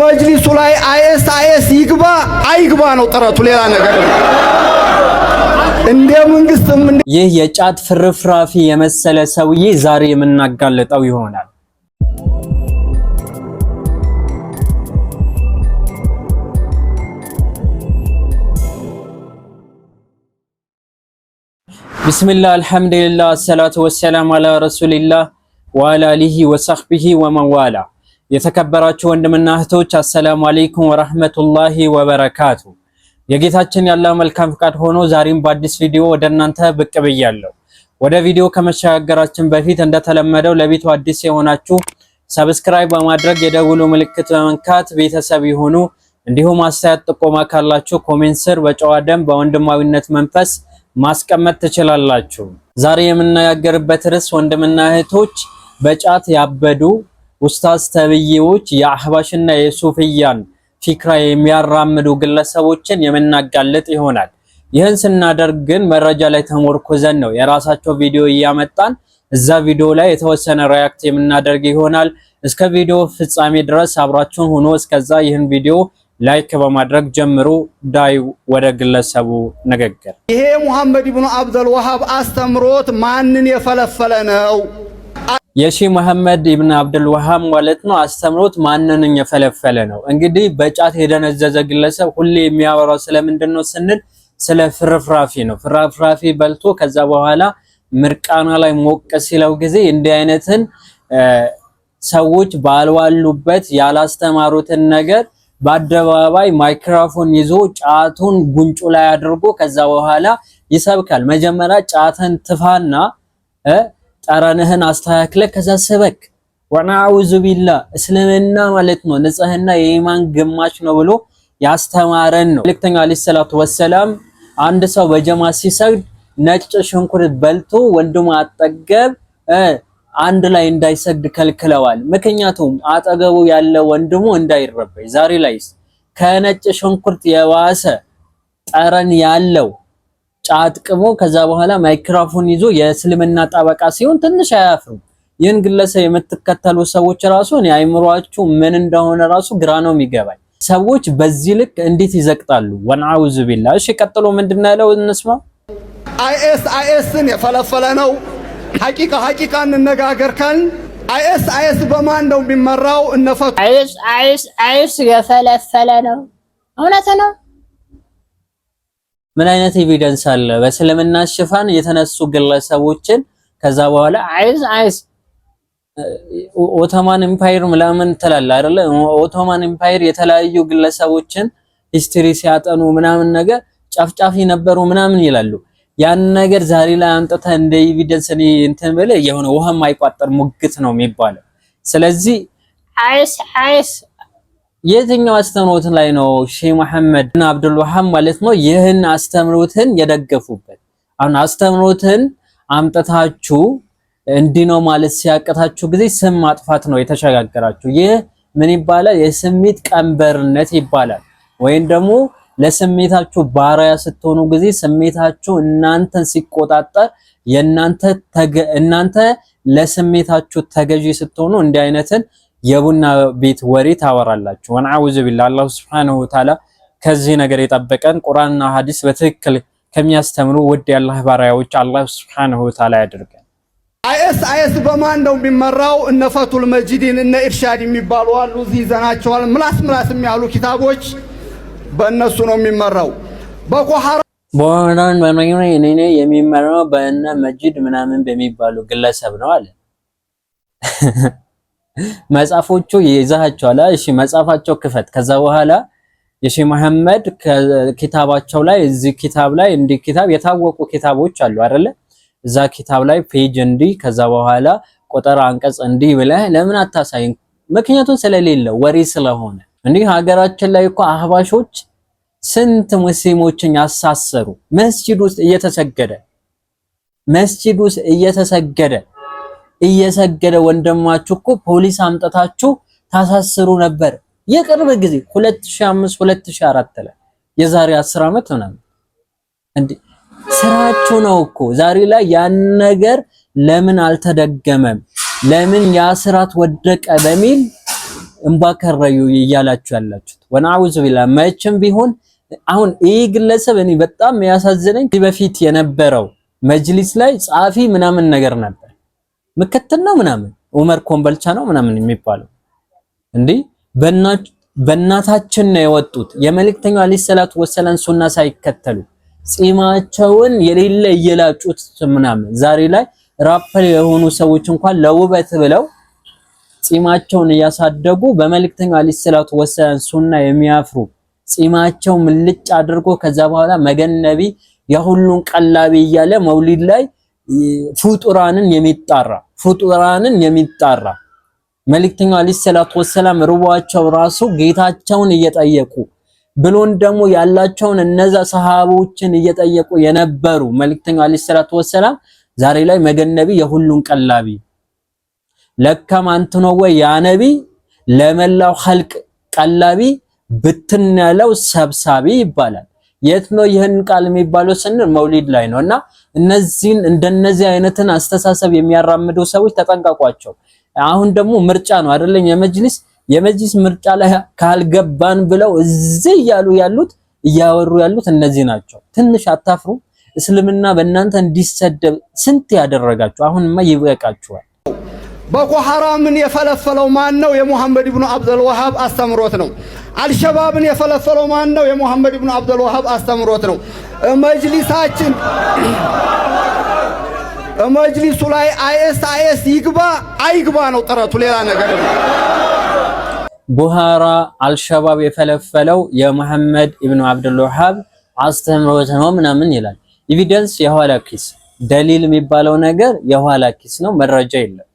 መጅሊሱ ላይ አይኤስ አይኤስ ይግባ አይግባ ነው ጥረቱ። ሌላ ነገር እንደ መንግስትም ይህ የጫት ፍርፍራፊ የመሰለ ሰውዬ ዛሬ የምናጋለጠው ይሆናል። ቢስሚላህ አልሐምዱሊላህ አሰላቱ ወሰላም አላ ረሱሊላህ ወአላ አሊሂ ወሰህቢሂ ወመን የተከበራችሁ ወንድምና እህቶች አሰላሙ አለይኩም ወራህመቱላሂ ወበረካቱ። የጌታችን ያለ መልካም ፍቃድ ሆኖ ዛሬም በአዲስ ቪዲዮ ወደ እናንተ ብቅ ብያለሁ። ወደ ቪዲዮ ከመሸጋገራችን በፊት እንደተለመደው ለቤቱ አዲስ የሆናችሁ ሰብስክራይብ በማድረግ የደውሉ ምልክት በመንካት ቤተሰብ ይሁኑ። እንዲሁም አስተያየት ጥቆማ ካላችሁ ኮሜንት ስር በጨዋ ደንብ በወንድማዊነት መንፈስ ማስቀመጥ ትችላላችሁ። ዛሬ የምናያገርበት ርዕስ ወንድምና እህቶች በጫት ያበዱ ኡስታዝ ተብዬዎች የአህባሽና የሱፍያን ፊክራ የሚያራምዱ ግለሰቦችን የምናጋልጥ ይሆናል። ይህን ስናደርግ ግን መረጃ ላይ ተሞርኩዘን ነው። የራሳቸው ቪዲዮ እያመጣን እዛ ቪዲዮ ላይ የተወሰነ ሪያክት የምናደርግ ይሆናል። እስከ ቪዲዮ ፍጻሜ ድረስ አብራችሁን ሆኖ እስከዛ ይህን ቪዲዮ ላይክ በማድረግ ጀምሩ ዳይ ወደ ግለሰቡ ንግግር ይሄ ሙሐመድ ኢብኑ አብደል ወሃብ አስተምሮት ማንን የፈለፈለ ነው? የሺ መሐመድ ኢብን አብዱል ወሃብ ማለት ነው አስተምሮት ማንን የፈለፈለ ነው። እንግዲህ በጫት የደነዘዘ ግለሰብ ሁሌ የሚያወራው ስለምንድን ነው ስንል ስለ ፍርፍራፊ ነው። ፍርፍራፊ በልቶ ከዛ በኋላ ምርቃና ላይ ሞቅ ሲለው ጊዜ እንዲህ አይነትን ሰዎች ባልዋሉበት ያላስተማሩትን ነገር በአደባባይ ማይክሮፎን ይዞ ጫቱን ጉንጩ ላይ አድርጎ ከዛ በኋላ ይሰብካል። መጀመሪያ ጫትን ትፋና ጠረንህን አስተካክለህ ከዛ ስበክ። ወናውዙ ቢላ እስልምና ማለት ነው ንጽህና የኢማን ግማሽ ነው ብሎ ያስተማረን ነው መልእክተኛው አለይሂ ሰላቱ ወሰላም። አንድ ሰው በጀማ ሲሰግድ ነጭ ሽንኩርት በልቶ ወንድሙ አጠገብ አንድ ላይ እንዳይሰግድ ከልክለዋል። ምክንያቱም አጠገቡ ያለ ወንድሙ እንዳይረበይ። ዛሬ ላይስ ከነጭ ሽንኩርት የባሰ ጠረን ያለው ጫጥቅሞ ከዛ በኋላ ማይክሮፎን ይዞ የእስልምና ጠበቃ ሲሆን ትንሽ አያፍርም። ይህን ግለሰብ የምትከተሉ ሰዎች ራሱ እኔ አይምሯችሁ ምን እንደሆነ ራሱ ግራ ነው የሚገባኝ። ሰዎች በዚህ ልክ እንዴት ይዘቅጣሉ? ወንአውዝ ቢላ። እሺ ቀጥሎ ምንድን ያለው እንስማ። አይኤስ አይኤስን የፈለፈለ ነው። ሐቂቃ ሐቂቃ እንነጋገር ካልን አይኤስ አይኤስ በማን ነው የሚመራው? እነፈቱ አይኤስ አይኤስ የፈለፈለ ነው። እውነት ነው። ምን አይነት ኤቪደንስ አለ? በእስልምና ሽፋን የተነሱ ግለሰቦችን ከዛ በኋላ አይዝ አይዝ ኦቶማን ኢምፓየር ምናምን ትላለህ አይደለ? ኦቶማን ኢምፓየር የተለያዩ ግለሰቦችን ሂስትሪ ሲያጠኑ ምናምን ነገር ጨፍጫፊ ነበሩ ምናምን ይላሉ። ያን ነገር ዛሬ ላይ አምጥተህ እንደ ኤቪደንስ እንትን ብለህ የሆነ ውሃ የማይቋጠር ሙግት ነው የሚባለው። ስለዚህ አይስ አይስ የትኛው አስተምሮት ላይ ነው ሼህ መሐመድ እና አብዱል ማለት ነው ይህን አስተምሮትን የደገፉበት? አሁን አስተምሮትን አምጥታችሁ እንዲህ ነው ማለት ሲያቀታችሁ ጊዜ ስም ማጥፋት ነው የተሸጋገራችሁ። ይህ ምን ይባላል? የስሜት ቀንበርነት ይባላል። ወይም ደግሞ ለስሜታችሁ ባሪያ ስትሆኑ ጊዜ ስሜታችሁ እናንተን ሲቆጣጠር የእናንተ እናንተ ለስሜታችሁ ተገዢ ስትሆኑ እንዲህ አይነትን የቡና ቤት ወሬ ታወራላችሁ። ወንአውዝ ቢላ አላሁ ስብሓነሁ ወተዓላ ከዚህ ነገር የጠበቀን ቁርአንና ሀዲስ በትክክል ከሚያስተምሩ ውድ የአላህ ባሪያዎች አላህ ስብሓነሁ ወተዓላ ያድርገን። አይኤስ አይኤስ በማን ነው የሚመራው? እነ ፈቱል መጂድን እነ ኢርሻድ የሚባሉ አሉ። እዚህ ይዘናቸዋል። ምላስ ምላስ የሚያሉ ኪታቦች በእነሱ ነው የሚመራው። በቆሃራ ቦራን በመግነ የሚመራው በእነ መጂድ ምናምን በሚባሉ ግለሰብ ነው አለ መጽሐፎቹ ይዛቸዋል። እሺ መጽሐፋቸው ክፈት። ከዛ በኋላ የሺ መሐመድ ኪታባቸው ላይ እዚህ ኪታብ ላይ እንዲህ ኪታብ የታወቁ ኪታቦች አሉ አይደለ? እዛ ኪታብ ላይ ፔጅ እንዲህ ከዛ በኋላ ቁጥር አንቀጽ እንዲህ ብለህ ለምን አታሳይን? ምክንያቱም ስለሌለ ወሬ ስለሆነ። እንዲህ ሀገራችን ላይ እኮ አህባሾች ስንት ሙስሊሞችን ያሳሰሩ መስጂድ ውስጥ እየተሰገደ መስጂድ ውስጥ እየተሰገደ እየሰገደ ወንድማችሁ እኮ ፖሊስ አምጠታችሁ ታሳስሩ ነበር። የቅርብ ጊዜ 2005 2004 ላይ የዛሬ 10 ዓመት ምናምን እንዴ ስራችሁ ነው እኮ ዛሬ ላይ ያን ነገር ለምን አልተደገመም? ለምን ያ ስራት ወደቀ? በሚል እንባከረዩ እያላችሁ ያላችሁት ወናውዝ ቢላ መቼም ቢሆን አሁን ይህ ግለሰብ እኔ በጣም ያሳዝነኝ በፊት የነበረው መጅሊስ ላይ ጻፊ ምናምን ነገር ነበር። ምክትል ነው ምናምን ዑመር ኮምበልቻ ነው ምናምን የሚባለው እንዴ በእናታችን ነው የወጡት የመልእክተኛው አለይሂ ሰላቱ ወሰላም ሱና ሳይከተሉ ጺማቸውን የሌለ እየላጩት ምናምን ዛሬ ላይ ራፐል የሆኑ ሰዎች እንኳን ለውበት ብለው ጺማቸውን እያሳደጉ በመልእክተኛው አለይሂ ሰላቱ ወሰላም ሱና የሚያፍሩ ጺማቸው ምልጭ አድርጎ ከዛ በኋላ መገነቢ የሁሉን ቀላቢ እያለ መውሊድ ላይ ፍጡራንን የሚጣራ ፍጡራንን የሚጣራ መልእክተኛው አለይሂ ሰላቱ ወሰላም ርቧቸው ራሱ ጌታቸውን እየጠየቁ ብሎን ደግሞ ያላቸውን እነዛ ሰሃቦችን እየጠየቁ የነበሩ መልእክተኛው አለይሂ ሰላቱ ወሰላም ዛሬ ላይ መገነቢ የሁሉን ቀላቢ ለከም አንተ ነው ወይ ያ ነቢ ለመላው ኸልቅ ቀላቢ ብትን ያለው ሰብሳቢ ይባላል። የት ነው ይህን ቃል የሚባለው ስንል መውሊድ ላይ ነው። እና እነዚህን እንደነዚህ አይነትን አስተሳሰብ የሚያራምዱ ሰዎች ተጠንቀቋቸው። አሁን ደግሞ ምርጫ ነው አይደለም? የመጅሊስ የመጅሊስ ምርጫ ላይ ካልገባን ብለው እዚህ እያሉ ያሉት እያወሩ ያሉት እነዚህ ናቸው። ትንሽ አታፍሩ? እስልምና በእናንተ እንዲሰደብ ስንት ያደረጋችሁ አሁንማ ይበቃችኋል። ቦኮ ሐራምን የፈለፈለው ማን ነው? የሙሐመድ ኢብኑ አብዱል ወሃብ አስተምሮት ነው። አልሸባብን የፈለፈለው ማን ነው? የሙሐመድ ብኑ አብዱልዋሃብ አስተምሮት ነው። መጅሊሳችን መጅሊሱ ላይ አይኤስ አይኤስ ይግባ አይግባ ነው ጥረቱ፣ ሌላ ነገር ነው። ቡሃራ አልሸባብ የፈለፈለው የሙሐመድ ኢብኑ አብዱልዋሃብ አስተምሮት ነው ምናምን ይላል። ኢቪደንስ የኋላ ኪስ ደሊል የሚባለው ነገር የኋላ ኪስ ነው፣ መረጃ የለም።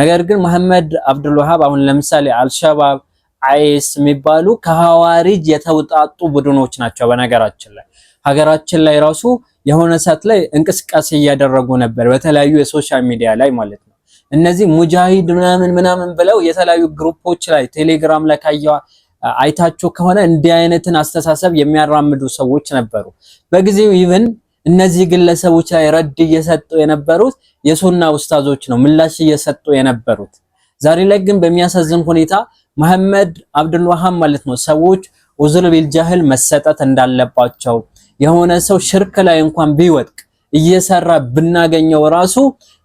ነገር ግን ሙሐመድ አብዱልዋሃብ አሁን ለምሳሌ አልሸባብ አይስ የሚባሉ ከሐዋሪጅ የተውጣጡ ቡድኖች ናቸው። በነገራችን ላይ ሀገራችን ላይ ራሱ የሆነ ሰዓት ላይ እንቅስቃሴ እያደረጉ ነበር፣ በተለያዩ የሶሻል ሚዲያ ላይ ማለት ነው። እነዚህ ሙጃሂድ ምናምን ምናምን ብለው የተለያዩ ግሩፖች ላይ ቴሌግራም ላይ ካየዋ አይታችሁ ከሆነ እንዲህ አይነትን አስተሳሰብ የሚያራምዱ ሰዎች ነበሩ። በጊዜው ኢቭን እነዚህ ግለሰቦች ላይ ረድ እየሰጡ የነበሩት የሱና ኡስታዞች ነው ምላሽ እየሰጡ የነበሩት። ዛሬ ላይ ግን በሚያሳዝን ሁኔታ መሐመድ አብዱልዋሃብ ማለት ነው ሰዎች ኡዝር ቢልጃህል መሰጠት እንዳለባቸው የሆነ ሰው ሽርክ ላይ እንኳን ቢወድቅ እየሰራ ብናገኘው ራሱ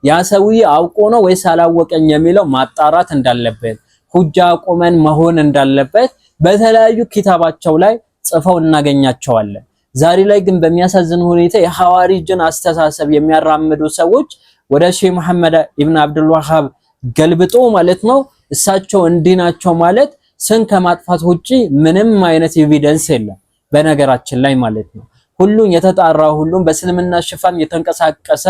ያ ሰውዬ አውቆ ነው ወይስ አላወቀኝ የሚለው ማጣራት እንዳለበት ሁጃ ቆመን መሆን እንዳለበት በተለያዩ ኪታባቸው ላይ ጽፈው እናገኛቸዋለን። ዛሬ ላይ ግን በሚያሳዝን ሁኔታ የሐዋሪጅን አስተሳሰብ የሚያራምዱ ሰዎች ወደ ሼህ መሐመድ ኢብን አብዱልዋሃብ ገልብጦ ማለት ነው እሳቸው እንዲህ ናቸው ማለት ስም ከማጥፋት ውጪ ምንም አይነት ኤቪደንስ የለም። በነገራችን ላይ ማለት ነው ሁሉም የተጣራ ሁሉም በእስልምና ሽፋን የተንቀሳቀሰ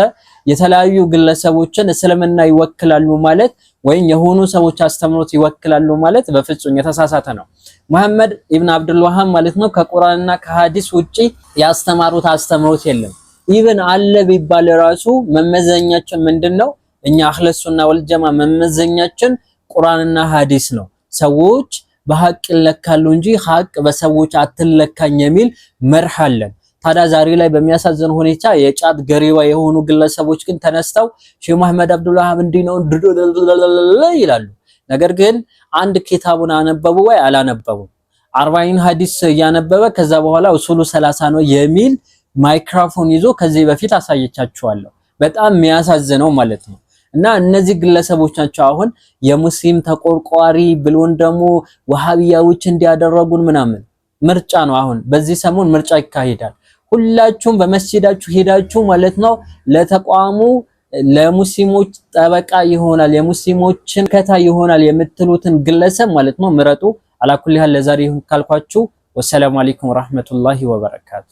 የተለያዩ ግለሰቦችን እስልምና ይወክላሉ ማለት ወይም የሆኑ ሰዎች አስተምሮት ይወክላሉ ማለት በፍጹም የተሳሳተ ነው። መሐመድ ኢብን አብዱል ማለት ነው ከቁርአንና ከሐዲስ ውጪ ያስተማሩት አስተምሮት የለም። ኢብን አለ ቢባል ራሱ መመዘኛችን ምንድን ነው? እኛ አህለ ሱና ወልጀማ መመዘኛችን ቁርአንና ሀዲስ ነው። ሰዎች በሀቅ ይለካሉ እንጂ ሀቅ በሰዎች አትለካኝ የሚል መርህ አለን። ታዲያ ዛሬ ላይ በሚያሳዝን ሁኔታ የጫት ገሪባ የሆኑ ግለሰቦች ግን ተነስተው ሼህ መሐመድ አብዱላህ እንዲህ ነው ይላሉ። ነገር ግን አንድ ኪታቡን አነበቡ ወይ አላነበቡም። አርባይን ሀዲስ እያነበበ ከዛ በኋላ ኡሱሉ ሰላሳ ነው የሚል ማይክሮፎን ይዞ ከዚህ በፊት አሳየቻችኋለሁ። በጣም የሚያሳዝነው ማለት ነው። እና እነዚህ ግለሰቦች ናቸው አሁን የሙስሊም ተቆርቋሪ ብሎን ደግሞ ወሃቢያዎች እንዲያደረጉን ምናምን። ምርጫ ነው አሁን በዚህ ሰሞን ምርጫ ይካሄዳል። ሁላችሁም በመስጂዳችሁ ሄዳችሁ ማለት ነው ለተቋሙ ለሙስሊሞች ጠበቃ ይሆናል የሙስሊሞችን ከታ ይሆናል የምትሉትን ግለሰብ ማለት ነው ምረጡ። አላኩልህ ያህል ለዛሬ ይሁን ካልኳችሁ፣ ወሰላሙ አለይኩም ወራህመቱላሂ ወበረካቱ።